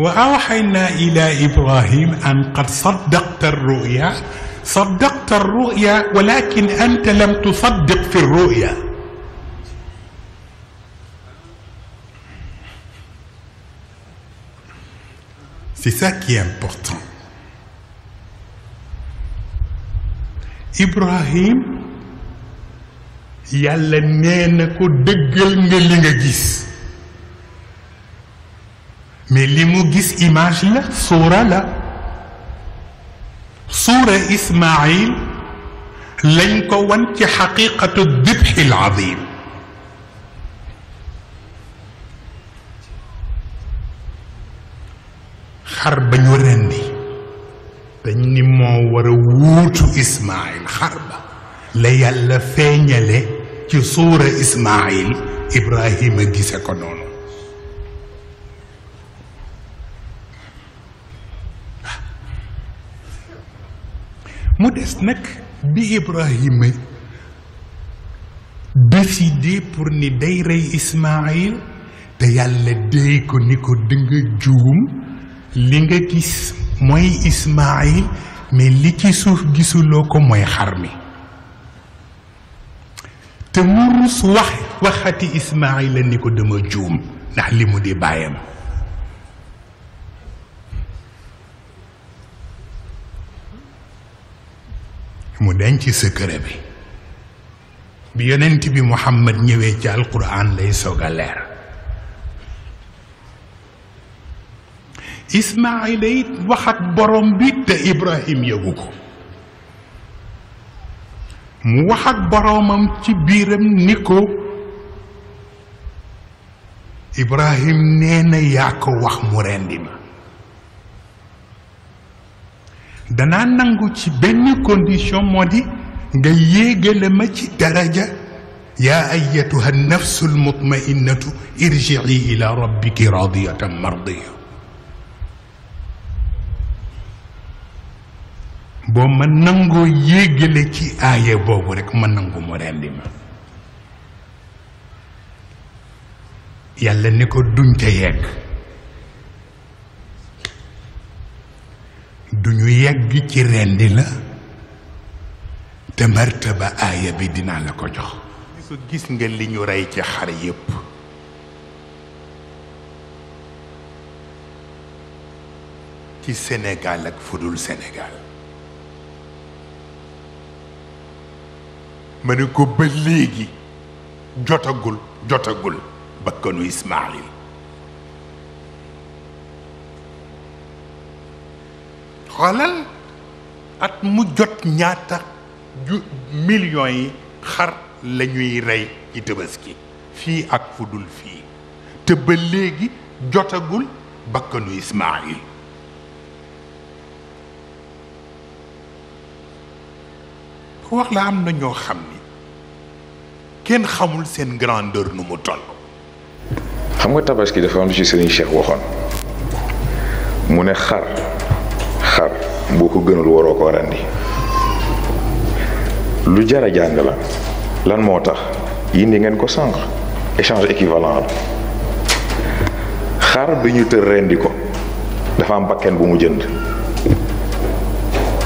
وأوحينا إلى إبراهيم أن قد صدقت الرؤيا صدقت الرؤيا ولكن أنت لم تصدق في الرؤيا C'est ça qui est important. Ibrahim, il y a le dëggal qui li nga gis. mais li mu gis image la suura la suura Ismaïl lañ ko wan ci xaqiqatu dibxi l azim xar ba ñu rendi dañ ni moo war a wuutu Ismaïl xar la yàlla feeñale ci suura Ismaïl Ibrahima gise ko noonu mu des bi Ibrahima décidé pour ni day ray Ismaïl te yàlla day ko ni ko dënga djoum li nga gis moy Ismaïl mais li ci souf gisuloo ko mooy xar te mourous rus wax waxati Ismaïl ni ko dama djoum ndax li di bayam mu denc secret bi bi yonent bi Muhammad ñëwee ci alquran lay soog a leer Ismaayila it wax ak borom bi te Ibrahim yëgu ko mu wax ak boroomam ci biiram ni ko Ibrahim nee na yaa ko wax mu rendi ma danaa nangu ci benn condition moo nga yéegale ma ci daraja yaa ayatuha nafsu almutmainnatu irjii ila rabbiki radiyatan mardiya boo ma nangoo yéegale ci aaya boobu rek ma nangu mu rendi ma yàlla ni ko duñ te yegg ñu yegg ci rendi la te martaba aaya bi dinaa la ko jox su gis nga li ñu rey ci xar yépp ci Sénégal ak fudul senegaal ma ne ko ba léegi jotagul jotagul bakkanu Ismaïl xolal at mu jot ñaata ju millions yi xar lañuy ñuy rey ci tebeski fi ak fudul fi te ba legi jotagul bakkanu Ismaayil ku wax la am na ñoo xam ni kenn xamul seen grandeur nu mu toll. xam nga tabaski dafa am ci Serigne Cheikh waxoon mu ne xar. boo ko gënul waroo koo rendi lu jar a jàng la lan moo tax yindi ngeen ko sànq échange équivalent la xar bi ñu tër rendi ko dafa am bakken bu mu jënd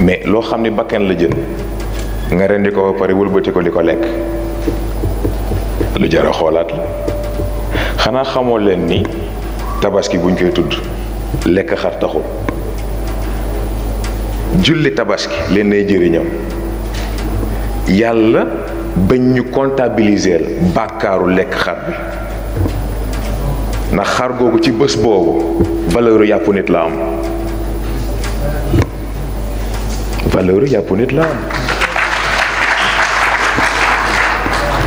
mais loo xam ni bakken la jënd nga rendi ko ba pare wëlbati ko li ko lekk lu jar a xoolaat la xanaa xamoo leen ni tabaski buñ koy tudd lekk xar taxul julli tabaski leen nay jëriñam yàlla bañ ñu comptabiliser bàkkaaru lekk xar bi ndax xar googu ci bés boobu valeur yàppu nit la am valeur yàppu nit la am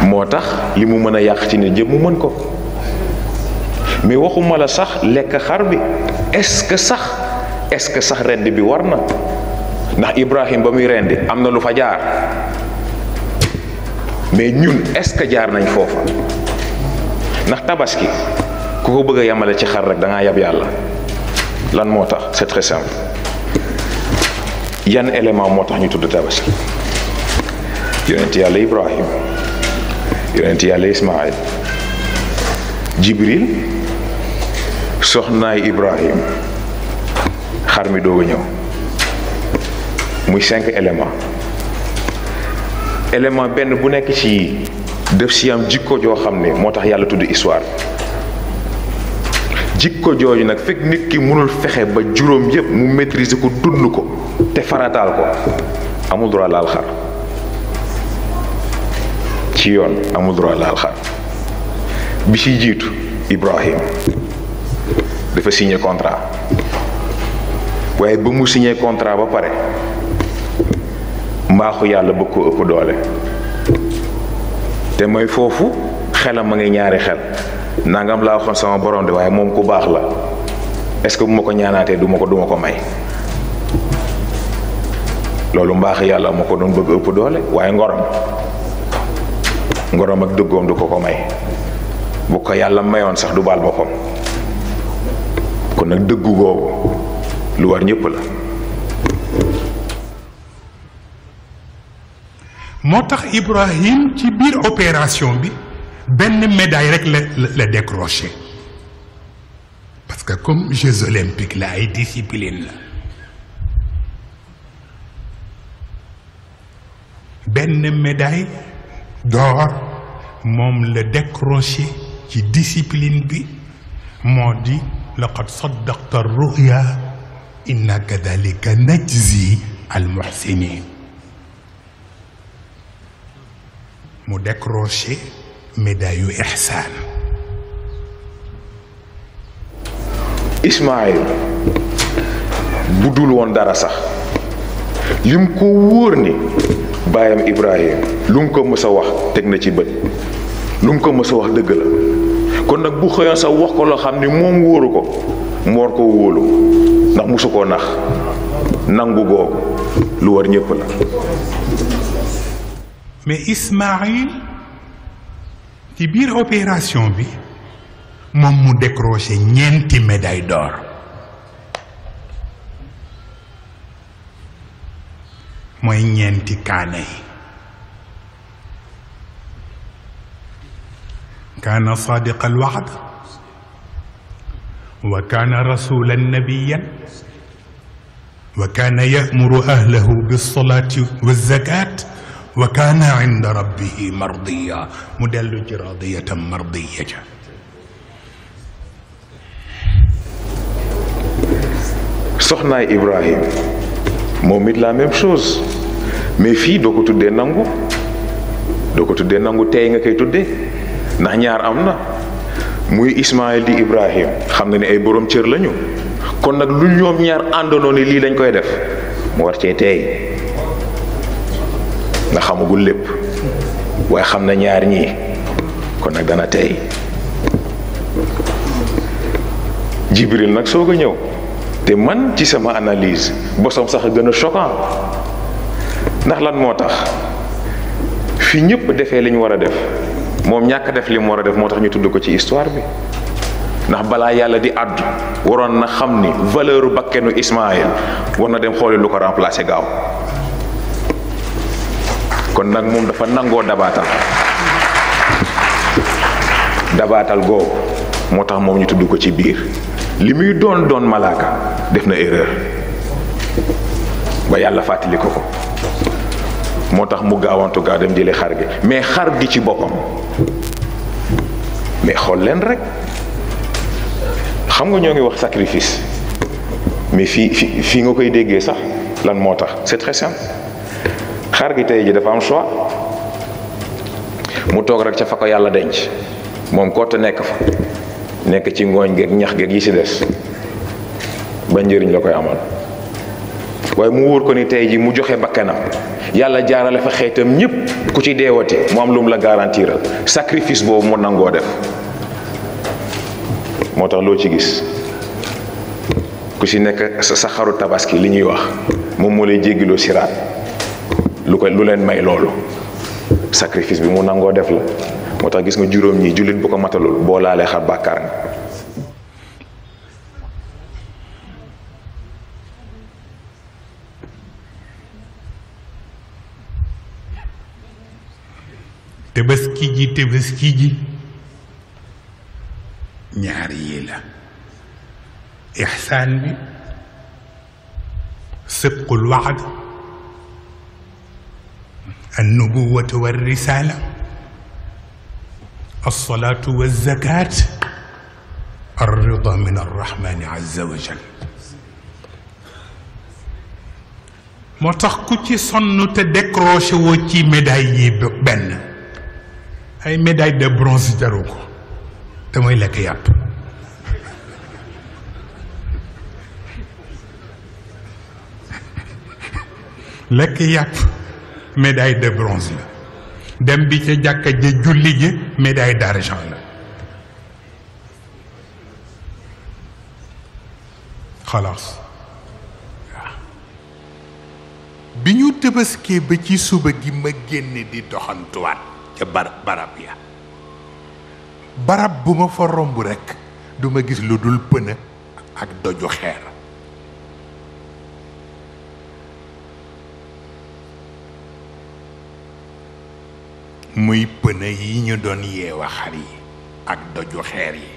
moo tax li mu mën a yàq ci ne yëpp mën ko mais waxuma la sax lekk xar bi est que sax est-ce que sax redd bi war na ndax Ibrahim ba muy rendi am na lu fa jaar mais ñun est-ce que jaar nañ foofa ndax tabaski ku ko bëgg a yemale ci xar rek da yab yàlla lan moo tax c'est très simple yan élément moo tax ñu tudd tabaski yonent yàlla Ibrahim yonent yàlla Ismaïl Jibril soxnaay Ibrahim xar mi doog a ñëw. muy cinq éléments élément benn bu nekk ci def si am jikko joo xam ne moo tax yàlla tudd histoire jikko jooju nag fekk nit ki mënul fexe ba juróom yépp mu maîtriser ko dund ko te farataal ko amul droit laal xar ci yoon amul droit laal xar bi ci jiitu ibrahim dafa signé contrat waaye ba mu signé contrat ba pare mbaaxu yàlla bëgg ko ëpp doole te mooy foofu xelam ma ngi ñaari xel nangam laa waxoon sama borom de waaye moom ku baax la est-ce que bu ma ko ñaanaatee duma ko duma ko may loolu mbaax yàlla ma ko doon bëgg ëpp doole waaye ngorom ngorom ak dëggoom du ko ko may bu ko yàlla mayoon sax du baal boppam kon nag dëggu googu lu war ñëpp la moo Ibrahim ci biir opération bi ben médaille rek la la parce que comme Jeux olympiques la et discipline là benn médaille d'or mom le décrocher ci discipline bi moo di laqad saddaqta ruya inna kadalika najzi al muhsinin mu décroché médaille yu ihsaan Ismaïl bu dul woon dara sax lim ko wóor ni baayam Ibrahim lu mu ko mësa wax teg na ci bët lu mu ko mës a wax dëgg la kon nag bu xëyoon sax wax ko loo xam ni moom wóoru ko mu war ko wóolu ndax musu koo nax nangu googu lu war ñépp la mais Ismaïl ci biir opération bi moom mu décroché ñeenti médaille d'or mooy ñeenti kaane yi كان صادق الوعد وكان رسولا نبيا وكان يأمر أهله بالصلاة والزكاة wa kaana inda rabbihi mardiya mu dellu ci radiyatan mardiya ja soxnaay Ibrahim moom it la même chose mais fii doo ko tuddee nangu doo ko tuddee nangu tey nga koy tuddee ndax ñaar am na muy Ismaayil di Ibrahim xam na ne ay borom cër lañu kon nag lu ñoom ñaar àndandoo lii lañ koy def mu war cee tey nga xamagul lépp waaye xam na ñaar ñii kon nag dana tey jibril nag soo ko ñëw te man ci sama analyse bosom sax gën a choquant ndax lan moo tax fii ñëpp defee li ñu war a def moom ñàkk def li mu war a def moo tax ñu tudd ko ci histoire bi ndax balaa yàlla di àddu waroon na xam ni valeur bakkenu Ismaël war na dem xooli lu ko remplacer gaaw kon nag moom dafa nangoo dabaatal dabaatal googu moo tax moom ñu tudd ko ci biir li muy doon doon malaaka def na erreur ba yàlla fàttali ko ko moo tax mu gaawantu gaaw dem jële xar gi mais xar gi ci boppam mais xool leen rek xam nga ñoo ngi wax sacrifice mais fii fi fii nga koy déggee sax lan moo tax c'est très xar gi tey ji dafa am choix mu toog rek ca fa ko yàlla denc moom kott nekk fa nekk ci ngooñ geeg ñax geeg yi si des ba njëriñ la koy amal waaye mu wóor ko ni tey ji mu joxe bakkanam yàlla jaarale fa xeetam ñëpp ku ci deewati mu am lu mu la garantiral sacrifice boobu mu nangoo def moo tax loo ci gis ku ci nekk sa xaru tabaski li ñuy wax moom moo lay jéggiloo siraat lu ko lu leen may loolu sacrifice bi mu nangoo def la moo tax gis ma juróom ñi jullit bu ko matalul boo laalee xar bàkkaar nga tëbaski ji tëbaski ji ñaar yii la ixsaan bi sëbqul waxd النبوة والرسالة الصلاة والزكاة الرضا من الرحمن عز وجل متخكوتي صنو تدكروش وتي مداي بن هاي مداي دي برونز جاروكو تموي لك ياب لك ياب médaille de bronze la dem bi ca jàkka ja julli ji médaille d'argent la xalaas waaw bi ñu tëbaskee ba ci suba gi ma génn di doxantuwaat ca barab ya barab bu ma fa romb rekk duma gis lu dul pënë ak doju xeer muy pëne yi ñu doon yeewa xar yi ak doju xeer yi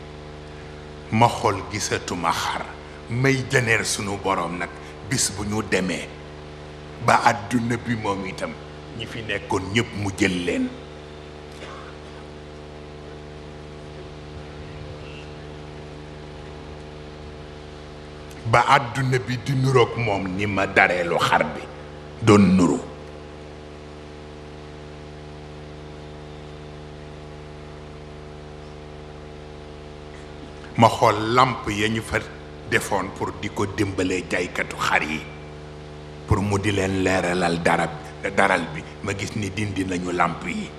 ma xool gisatuma xar may jëneer sunu boroom nag bis bu ñu demee ba àdduna bi moom itam ñi fi nekkoon ñépp mu jël leen ba àdduna bi di nuroog moom ni ma dareelu xar bi doon nuru ma xol làmp ya ñu fa defoon pour di ko dimbalee jaaykatu xar yi pour mu di leen leeralal dara daral bi ma gis ni dindi nañu làmp yi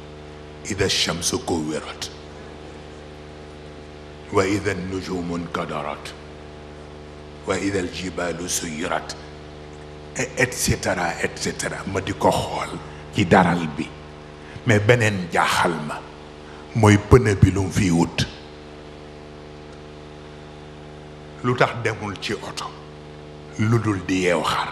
ida shamsu kuwirat wa ida nujumu kadarat wa ida aljibalu suyirat et cetera et cetera ma di ko xol ci daral bi mais benen jaxal ma moy pëne bi lu fi wut lu tax demul ci oto lu dul di yeew xar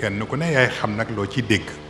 kenn ku ne yaay xam nag loo ci dégg